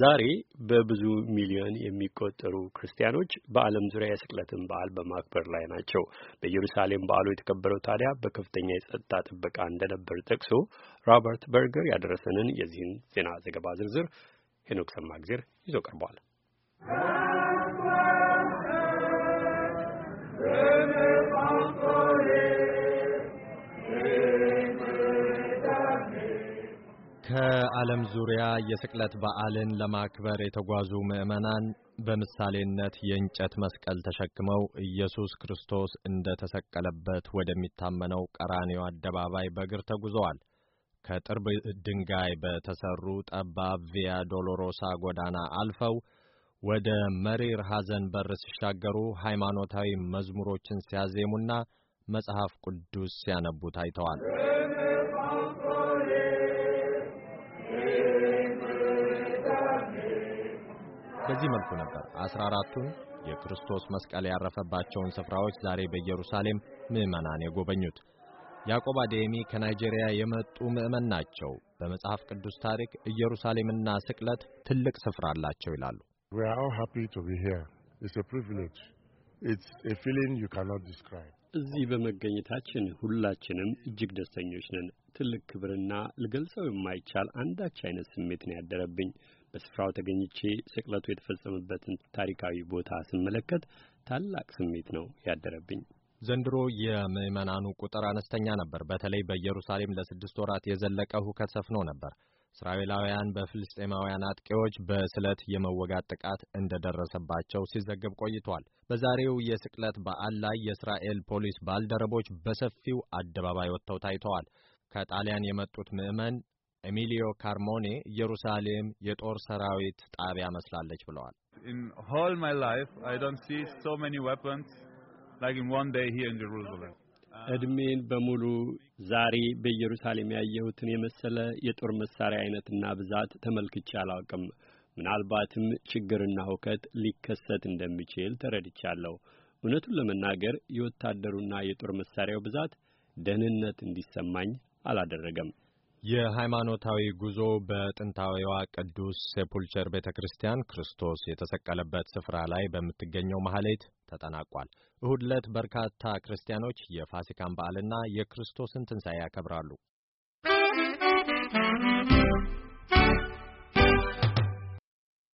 ዛሬ በብዙ ሚሊዮን የሚቆጠሩ ክርስቲያኖች በዓለም ዙሪያ የስቅለትን በዓል በማክበር ላይ ናቸው። በኢየሩሳሌም በዓሉ የተከበረው ታዲያ በከፍተኛ የጸጥታ ጥበቃ እንደነበር ጠቅሶ ሮበርት በርገር ያደረሰንን የዚህን ዜና ዘገባ ዝርዝር ሄኖክ ሰማግዜር ይዞ ቀርቧል። ከዓለም ዙሪያ የስቅለት በዓልን ለማክበር የተጓዙ ምዕመናን በምሳሌነት የእንጨት መስቀል ተሸክመው ኢየሱስ ክርስቶስ እንደ ተሰቀለበት ወደሚታመነው ቀራኔው አደባባይ በእግር ተጉዘዋል። ከጥርብ ድንጋይ በተሰሩ ጠባብ ቪያ ዶሎሮሳ ጎዳና አልፈው ወደ መሪር ሐዘን በር ሲሻገሩ ሃይማኖታዊ መዝሙሮችን ሲያዜሙና መጽሐፍ ቅዱስ ሲያነቡ ታይተዋል። በዚህ መልኩ ነበር አስራ አራቱን የክርስቶስ መስቀል ያረፈባቸውን ስፍራዎች ዛሬ በኢየሩሳሌም ምዕመናን የጎበኙት። ያዕቆብ አዴሚ ከናይጄሪያ የመጡ ምዕመን ናቸው። በመጽሐፍ ቅዱስ ታሪክ ኢየሩሳሌምና ስቅለት ትልቅ ስፍራ አላቸው ይላሉ። We are all happy to be here. It's a privilege. It's a feeling you cannot describe. እዚህ በመገኘታችን ሁላችንም እጅግ ደስተኞች ነን። ትልቅ ክብርና ልገልጸው የማይቻል አንዳች አይነት ስሜት ነው ያደረብኝ። በስፍራው ተገኝቼ ስቅለቱ የተፈጸመበትን ታሪካዊ ቦታ ስመለከት ታላቅ ስሜት ነው ያደረብኝ። ዘንድሮ የምዕመናኑ ቁጥር አነስተኛ ነበር። በተለይ በኢየሩሳሌም ለስድስት ወራት የዘለቀ ሁከት ሰፍኖ ነበር። እስራኤላውያን በፍልስጤማውያን አጥቂዎች በስለት የመወጋት ጥቃት እንደደረሰባቸው ሲዘገብ ቆይቷል። በዛሬው የስቅለት በዓል ላይ የእስራኤል ፖሊስ ባልደረቦች በሰፊው አደባባይ ወጥተው ታይተዋል። ከጣሊያን የመጡት ምዕመን ኤሚሊዮ ካርሞኔ ኢየሩሳሌም የጦር ሰራዊት ጣቢያ መስላለች ብለዋል። እድሜን በሙሉ ዛሬ በኢየሩሳሌም ያየሁትን የመሰለ የጦር መሳሪያ አይነትና ብዛት ተመልክቼ አላውቅም። ምናልባትም ችግርና ሁከት ሊከሰት እንደሚችል ተረድቻለሁ። እውነቱን ለመናገር የወታደሩና የጦር መሳሪያው ብዛት ደህንነት እንዲሰማኝ አላደረገም። የሃይማኖታዊ ጉዞ በጥንታዊዋ ቅዱስ ሴፑልቸር ቤተ ክርስቲያን ክርስቶስ የተሰቀለበት ስፍራ ላይ በምትገኘው ማህሌት ተጠናቋል። እሁድ ዕለት በርካታ ክርስቲያኖች የፋሲካን በዓልና የክርስቶስን ትንሣኤ ያከብራሉ።